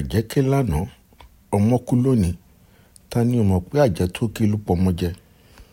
àjẹ́ ké lánàá ọmọ kú lónìí ta ni ó pé àjẹ́ tó ké ló pọmọ jẹ